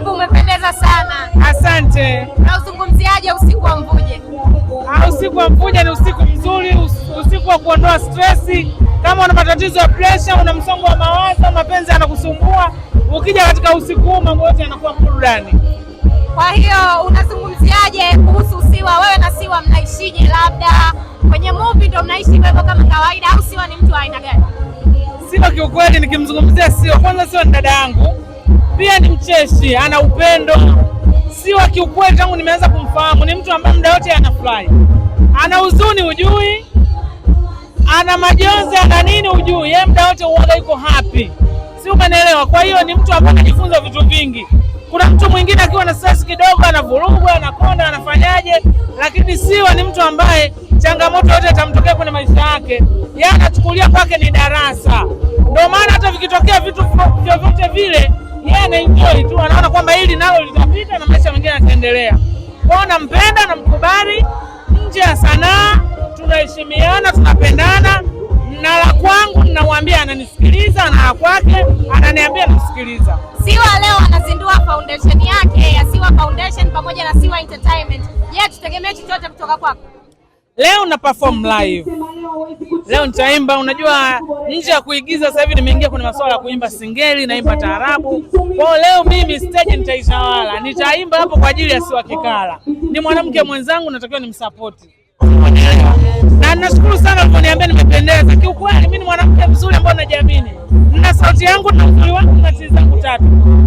Jibu umependeza sana, asante. Na uzungumziaje usiku wa Mvuje? Ah, usiku wa Mvuje ni usiku mzuri, usiku wa kuondoa stress. Kama una matatizo ya pressure, una msongo wa mawazo, mapenzi yanakusumbua, ukija katika usiku huu mambo yote yanakuwa burudani. Kwa hiyo unazungumziaje kuhusu Siwa? Wewe na Siwa mnaishije? Labda kwenye movie ndo mnaishi hivyo kama kawaida, au Siwa ni mtu wa aina gani? Siwa kiukweli, nikimzungumzia Siwa, kwanza Siwa ni dada yangu pia ni mcheshi, ana upendo, si wa kiukweli. Tangu nimeanza kumfahamu ni mtu ambaye muda wote anafurahi, ana huzuni ujui, ana majonzi, ana nini ujui, yeye muda wote uoga, yuko happy, si umenielewa? Kwa hiyo ni mtu ambaye anajifunza vitu vingi. Kuna mtu mwingine akiwa na stress kidogo anavurugwa, anakonda, anafanyaje, lakini Siwa ni mtu ambaye changamoto yote itamtokea kwenye maisha yake, yeye anachukulia kwake ni darasa. Ndio maana hata vikitokea vitu vyovyote vile yeye anaenjoy tu, anaona kwamba hili nalo litapita na maisha mengine yataendelea. Kwao nampenda, namkubali. Nje ya sanaa tunaheshimiana, tunapendana na la kwangu ninamwambia ananisikiliza, na la kwake ananiambia nisikiliza. Siwa leo anazindua foundation yake ya Siwa Foundation pamoja na Siwa Entertainment. Je, tutegemee chochote kutoka kwako leo? Na perform live leo nitaimba. Unajua, nje ya kuigiza sasa hivi nimeingia kwenye masuala ya kuimba singeli, naimba taarabu. Kwa leo mimi stage nitaitawala, nitaimba hapo kwa ajili ya Siwa Kikala. Ni mwanamke mwenzangu, natakiwa nimsapoti na nashukuru sana kuniambia nimependeza. Kiukweli mimi ni mwanamke mzuri ambaye najiamini, na sauti yangu na mzuri wangu na tizi zangu tatu.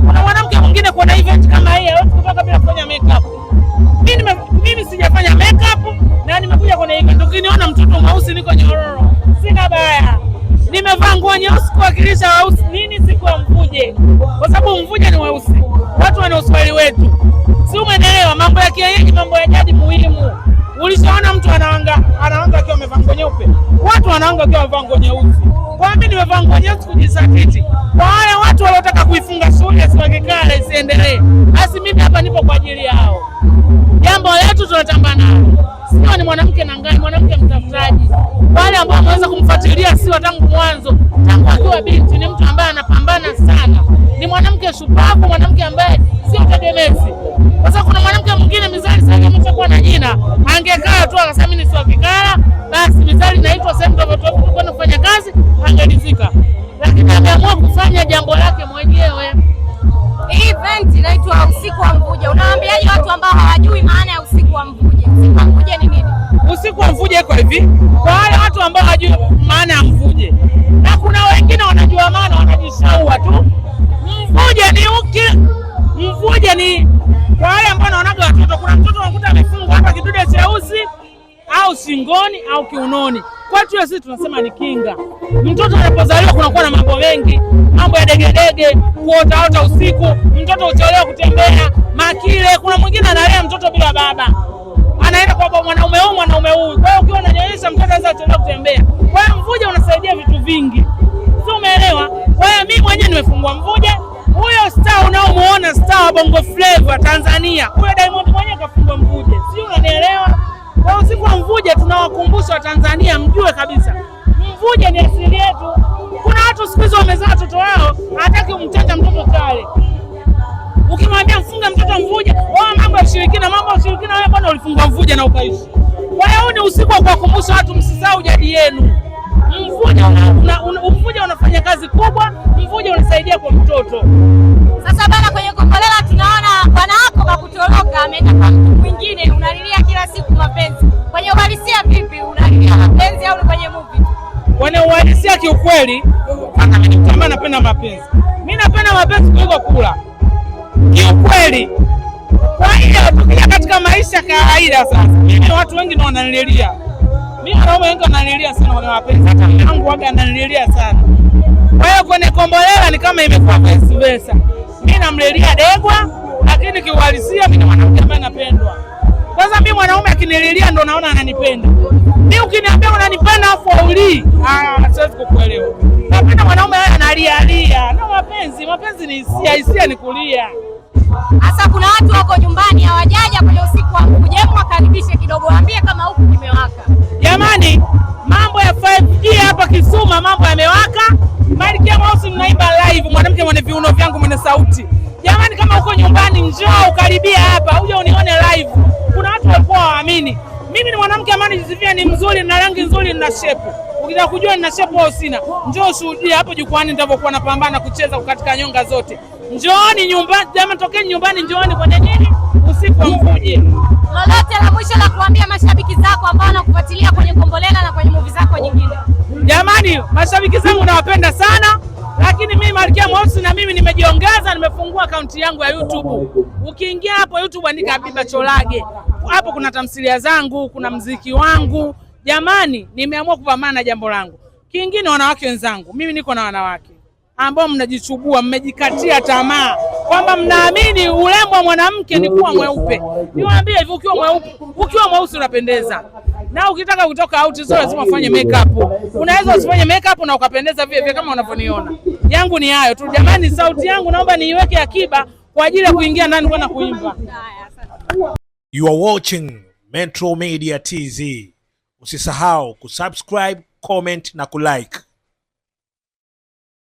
Kuna mwanamke mwingine kwa na event kama hii hawezi kutoka bila kufanya makeup. Mimi nime mimi sijafanya makeup na nimekuja kwenye kitu. Ukiniona mtoto mweusi, niko nyororo, sina baya, nimevaa nguo nyeusi kuwakilisha weusi nini siku ya mvuje, kwa sababu mvuje ni weusi, watu wana uswahili wetu, si umeelewa? Mambo ya kienyeji, mambo ya jadi muhimu. Ulishaona mtu anawanga anawanga akiwa amevaa nguo nyeupe, watu wanawanga akiwa amevaa nguo nyeusi. Kwa mimi nimevaa nguo nyeusi kujisakiti. Kwa wale watu waliotaka kuifunga shule siwakikale isiendelee, basi mimi hapa nipo kwa ajili yao jambo letu tunatamba nalo. Sio ni mwanamke na ngani, mwanamke mtafutaji. Wale ambao wameweza kumfuatilia Siwa tangu mwanzo, tangu akiwa binti, ni mtu ambaye anapambana sana, ni mwanamke shupavu, mwanamke ambaye sio tegemezi. Sasa kuna mwanamke mwingine Mizali sasa ameshakuwa na jina, angekaa tu akasema mimi ni Siwa Kikala, basi Mizali naitwa sehemu tofauti tofauti kwenda kufanya kazi, angelizika. Lakini ameamua kufanya jambo lake mwenyewe. Hii Event inaitwa usiku wa Mvuje, unawaambiaje watu ambao hawajui maana ya usiku wa Mvuje? Usiku wa Mvuje ni nini? Usiku wa Mvuje iko hivi, kwa wale watu ambao hawajui maana ya Mvuje, na kuna wengine wanajua maana wanajishaua tu. Mvuje ni uki, Mvuje ni kwa wale ambao wanaonaga watoto, kuna mtoto anakuta amefungwa hapa kidude cheusi au shingoni au kiunoni. Kwetu sisi tunasema ni kinga. Mtoto anapozaliwa kunakuwa na mambo mengi, mambo ya degedege, kuotaota usiku, mtoto uchelewa kutembea, makile. Kuna mwingine analea mtoto bila baba, anaenda kwa mwanaume huyu, mwanaume huyu. Kwa hiyo ukiwa unanyonyesha mtoto anaweza kuchelewa kutembea. Kwa hiyo mvuja unasaidia vitu vingi, sio? Umeelewa? Kwa hiyo mimi mwenyewe nimefungua mvuja. Huyo star unaomuona star wa bongo flava Tanzania, huyo Diamond mwenyewe kafungua mvuja, sio? Unanielewa? Kwa hiyo siku mvuje tunawakumbusha Watanzania mjue kabisa mvuje ni asili yetu. Kuna watu siku hizi wamezaa watoto wao hataki umteta mtoto kale, ukimwambia mfunge mtoto mvuje, wao mambo ya ushirikina, mambo ya ushirikina, wewe bwana ulifungwa mvuje na ukaishi. Kwa hiyo ni usiku wa kuwakumbusha watu, msisahau jadi yenu. Mvuje una, una, una, unafanya kazi kubwa, mvuje unasaidia kwa mtoto. Sasa bana, kwenye Kombolela tunaona bwana wako kakutoroka ameenda kwa mtu mwingine, unalilia kiukweli, kama napenda mapenzi, mi napenda mapenzi kuliko kula kiukweli. Kwa hiyo tukija katika maisha kawaida sasa, mimi watu wengi ndio wananilia mimi, wanaume wengi wananilia sana kwa mapenzi, hata wangu waga ananilia sana. Kwa hiyo kwenye kombolela ni kama imekuwa vice versa, mimi namlilia Degwa, lakini kiuhalisia mimi mwanamke ambaye napendwa kwanza. Mimi mwanaume akinililia ndo naona ananipenda. Mimi ukiniambia unanipenda afu aulii ni hisia, hisia ni kulia. Sasa kuna watu wako nyumbani hawajaja kwenye usiku wa kuja, hebu wakaribishe kidogo, waambie kama huku kimewaka. Jamani, mambo ya 5G hapa Kisuma, mambo yamewaka. Malkia Mausi mnaiba live, mwanamke mwenye viuno vyangu, mwenye sauti. Jamani, kama uko nyumbani, njoo ukaribia hapa, uje unione live. Kuna watu walikuwa waamini mimi ni mwanamke Amani Jizivia, ni mzuri na rangi nzuri na shepu. Ukitaka kujua nina shepu au sina, njoo shuhudia hapo jukwani nitavyokuwa napambana kucheza katika nyonga zote. Njooni nyumbani, jamani, tokeni nyumbani, njooni kwenye nini, usiku wa mvuje. Lolote la mwisho la kuambia mashabiki zako ambao wanakufuatilia kwenye Kombolela na kwenye movie zako nyingine? Jamani, mashabiki zangu nawapenda sana lakini mimi Malkia Mweusi na mimi nimejiongeza, nimefungua akaunti yangu ya YouTube. Ukiingia hapo YouTube andika Habiba Cholage, hapo kuna tamthilia zangu, kuna mziki wangu. Jamani, nimeamua kupambana na jambo langu. Kingine, wanawake wenzangu, mimi niko na wanawake ambao mnajichubua, mmejikatia tamaa kwamba mnaamini urembo wa mwanamke ni kuwa mweupe. Niwaambie hivi, ukiwa mweupe, ukiwa mweusi unapendeza na ukitaka kutoka out sio lazima ufanye makeup, unaweza usifanye makeup na ukapendeza vile vile kama unavyoniona. Yangu ni hayo tu jamani, sauti yangu naomba niiweke akiba kwa ajili ya kuingia ndani kwenda kuimba. You are watching Metro Media TV. Usisahau kusubscribe, comment na kulike.